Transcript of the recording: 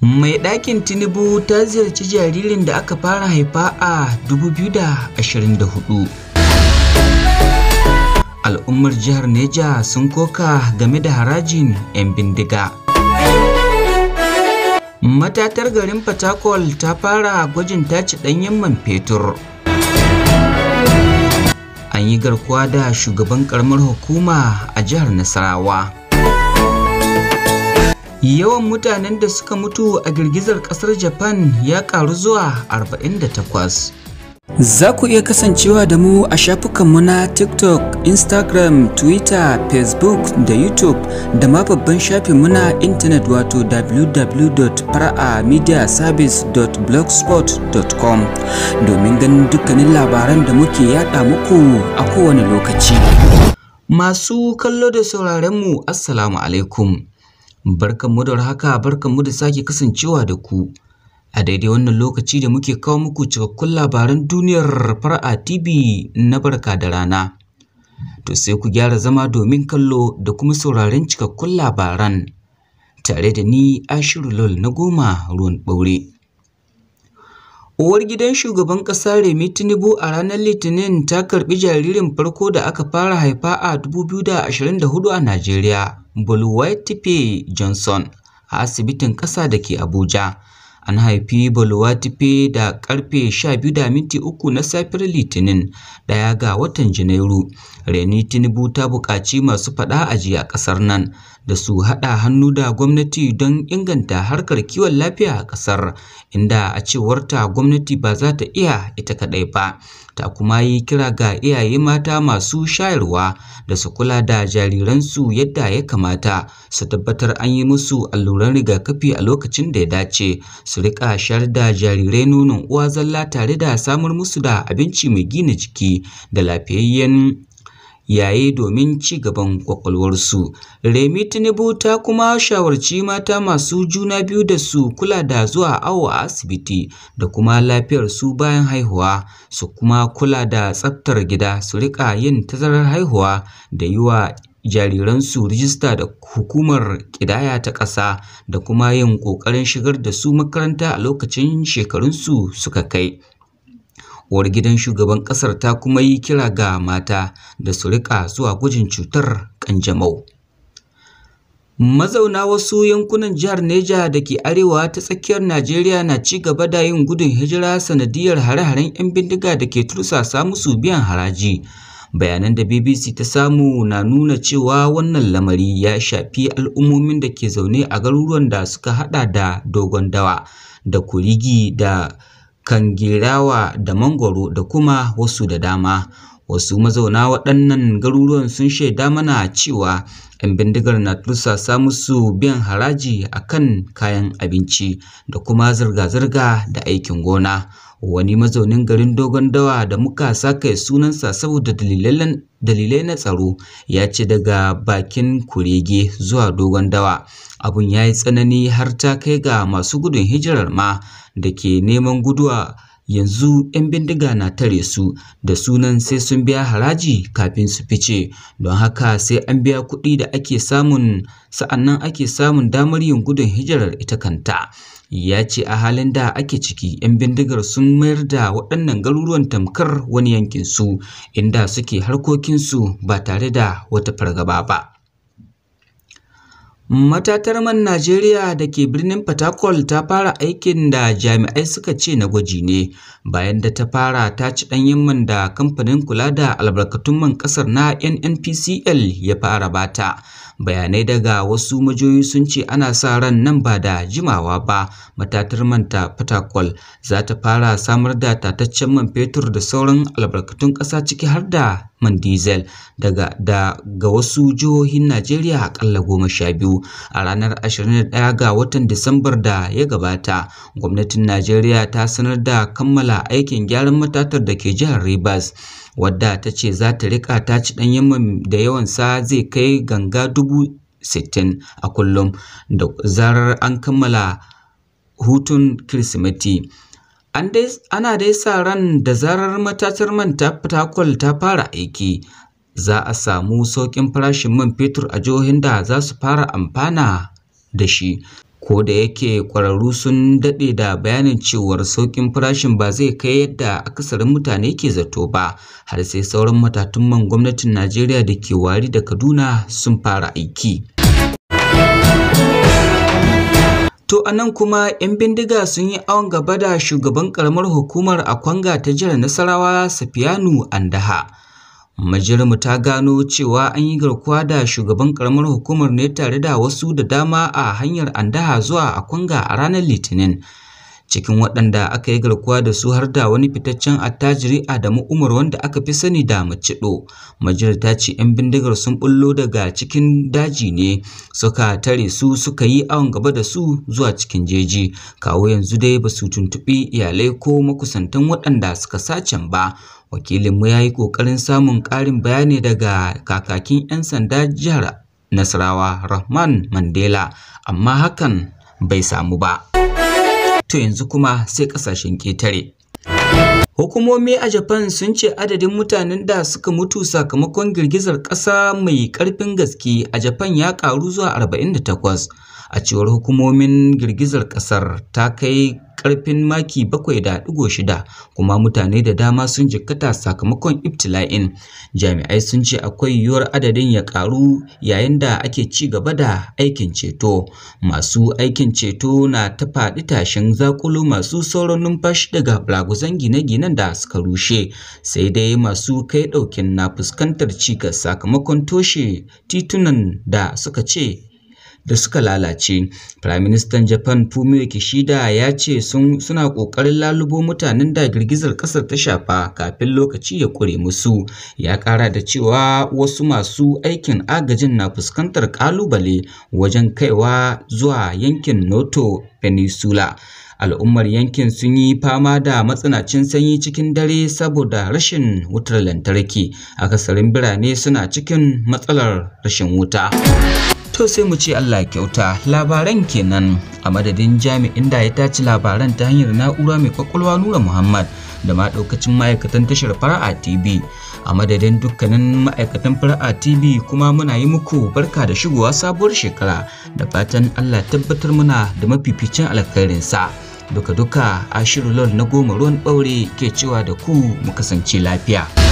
mai ɗakin tinubu ta ziyarci jaririn da aka fara haifa a 2024 al'ummar jihar neja sun koka game da harajin 'yan bindiga matatar garin fatakol ta fara gwajin taci ɗanyen man fetur an yi garkuwa da shugaban ƙaramar hukuma a jihar nasarawa Yawan mutanen da suka mutu a girgizar ƙasar Japan ya karu zuwa 48. Za ku iya kasancewa da mu a shafukanmu na TikTok, Instagram, Twitter, Facebook da YouTube da ma babban shafinmu na intanet wato www.faramediaservice.blogspot.com domin ganin dukkanin labaran da muke yada muku a kowane lokaci. Masu kallo da sauraronmu, Assalamu alaikum. Barkanmu da haka mu da sake kasancewa da ku a daidai wannan lokaci da muke kawo muku cikakkun labaran duniyar far'a TV na barka da rana. To sai ku gyara zama domin kallo da kuma sauraren cikakkun labaran tare da ni Ashiru Lol na goma ruwan ɓaure. Uwar gidan Shugaban ƙasa Remi Tinubu a ranar Litinin ta karbi jaririn farko da aka fara haifa a 2024 a Najeriya, Tipe Johnson, a asibitin ƙasa da ke Abuja. An haifi Tipe da ƙarfe uku na safiyar Litinin, ɗaya ga watan Janairu. Reni Tinubu ta buƙaci masu faɗa a a ƙasar nan da su haɗa hannu da gwamnati don inganta harkar kiwon lafiya a ƙasar inda a cewar ta gwamnati ba za ta iya ita kaɗai ba ta kuma yi kira ga iyaye mata masu shayarwa da su kula da jariransu yadda ya kamata su tabbatar an yi musu alluran rigakafi a lokacin da ya dace su riƙa shayar da jarirai nonon uwa zalla tare da samar musu da abinci mai gina jiki da lafiyayyen yayi domin ci gaban kwakwalwarsu. Remi Tinubu ta kuma shawarci mata masu juna biyu da su kula da zuwa awo a asibiti da kuma lafiyar su bayan haihuwa, su kuma kula da tsaftar gida su riƙa yin tazarar haihuwa da yi wa jariransu rijista da hukumar ƙidaya ta ƙasa da kuma yin ƙoƙarin shigar da su makaranta a lokacin shekarunsu suka kai. uwar gidan shugaban kasar ta kuma yi kira ga mata da su rika zuwa gwajin cutar kanjamau mazauna wasu yankunan jihar neja da ke arewa ta tsakiyar najeriya na ci gaba da yin gudun hijira sanadiyar hare-haren 'yan bindiga da ke tursasa musu biyan haraji bayanan da bbc ta samu na nuna cewa wannan lamari ya shafi al'ummomin da ke zaune a garuruwan da suka hada da dogon dawa da kurigi da kan da mangwaro da kuma wasu da dama wasu mazauna waɗannan garuruwan sun shaida mana cewa 'yan bindigar na tursasa musu biyan haraji a kan kayan abinci da kuma zirga-zirga da aikin gona wani mazaunin garin dogon dawa da muka saka sunansa saboda dalilai na tsaro ya ce daga bakin kurege zuwa dogon dawa abun ya yi tsanani har ta kai ga masu gudun hijirar ma da ke neman guduwa yanzu 'yan bindiga na tare su da sunan sai sun biya haraji kafin su fice don haka sai an biya kuɗi da ake samun sa'annan ake samun damar yin gudun hijirar ita kanta ya ce a halin da ake ciki 'yan bindigar sun mayar da waɗannan garuruwan tamkar wani yankinsu, inda suke harkokinsu ba tare da wata fargaba ba. Matatar man Najeriya da ke birnin Fatakwal ta fara aikin da jami'ai suka ce na gwaji ne, bayan da ta fara ta ci ɗanyen man da kamfanin kula da albarkatun man ƙasar na NNPCL ya fara ba ta. bayanai daga wasu majiyoyi sun ce ana sa ran nan ba da jimawa ba matatar manta fatakwal za ta fara samar da tataccen man fetur da sauran albarkatun ƙasa ciki har da man diesel daga da ga wasu jihohin Najeriya akalla goma sha biyu a ranar 21 ga watan Disambar da ya gabata gwamnatin Najeriya ta sanar da kammala aikin gyaran matatar da ke jihar Rivers wadda ta ce za ta rika ci ɗanyen man da yawansa zai kai ganga dubu sittin a kullum da zarar an kammala hutun kirsimeti ana dai sa ran da zarar matatar man ta ta fara aiki za a samu sauƙin farashin man fetur a jihohin da za su fara amfana da shi ko da yake ƙwararru sun daɗe da bayanin cewar sauƙin farashin ba zai kai yadda akasarin mutane ke zato ba har sai sauran matatun man gwamnatin najeriya da ke wari da kaduna sun fara aiki To a nan kuma 'yan bindiga sun yi awon gaba da shugaban ƙaramar hukumar a kwanga ta jihar Nasarawa Safiyanu Andaha. majiyarmu ta gano cewa an yi garkuwa da shugaban karamar hukumar ne tare da wasu da dama a hanyar andaha zuwa a kunga a ranar litinin cikin waɗanda aka yi garkuwa da su har da wani fitaccen attajiri adamu umar wanda aka fi sani da macido majiyar ta ce 'yan bindigar sun bullo daga cikin daji ne suka tare su suka yi awon gaba da su zuwa cikin jeji kawo yanzu dai ba su tuntuɓi iyalai ko makusantan waɗanda suka sacen ba Wakilinmu ya yi ƙoƙarin samun ƙarin bayani daga kakakin 'yan sanda jihar Nasarawa Rahman Mandela, amma hakan bai samu ba. To yanzu kuma sai ƙasashen ƙetare. Hukumomi a Japan sun ce adadin mutanen da suka mutu sakamakon girgizar ƙasa mai ƙarfin gaske a Japan ya ƙaru zuwa 48. a cewar hukumomin girgizar kasar ta kai karfin maki 7.6 kuma mutane da dama sun jikkata sakamakon ibtila'in jami'ai sun ce akwai yiwuwar adadin ya karu yayin da ake ci gaba da aikin ceto masu aikin ceto na ta faɗi tashin zakulu masu sauran numfashi daga blaguzan gine-ginen da suka rushe sai dai masu kai ɗaukin na fuskantar cikas sakamakon toshe titunan da suka ce da suka lalace. Firaministan Japan Fumio Kishida ya ce suna ƙoƙarin lalubo mutanen da girgizar ƙasar ta shafa kafin lokaci ya ƙure musu. Ya ƙara da cewa wasu masu aikin agajin na fuskantar ƙalubale wajen kaiwa zuwa yankin Noto Peninsula. al'ummar yankin sun yi fama da matsanacin sanyi cikin dare saboda rashin wutar lantarki akasarin birane suna cikin matsalar rashin wuta To sai mu ce Allah kyauta labaran kenan a madadin jami'in da ya tace labaran ta hanyar na'ura mai kwakwalwa Nura Muhammad da ma ɗaukacin ma'aikatan tashar Fara'a TV. A madadin dukkanin ma'aikatan Fara'a TV kuma muna yi muku barka da shigowa sabuwar shekara da fatan Allah tabbatar muna da mafificin alkhairinsa. Duka-duka a shirin na goma ruwan ɓaure ke cewa da ku mu kasance lafiya.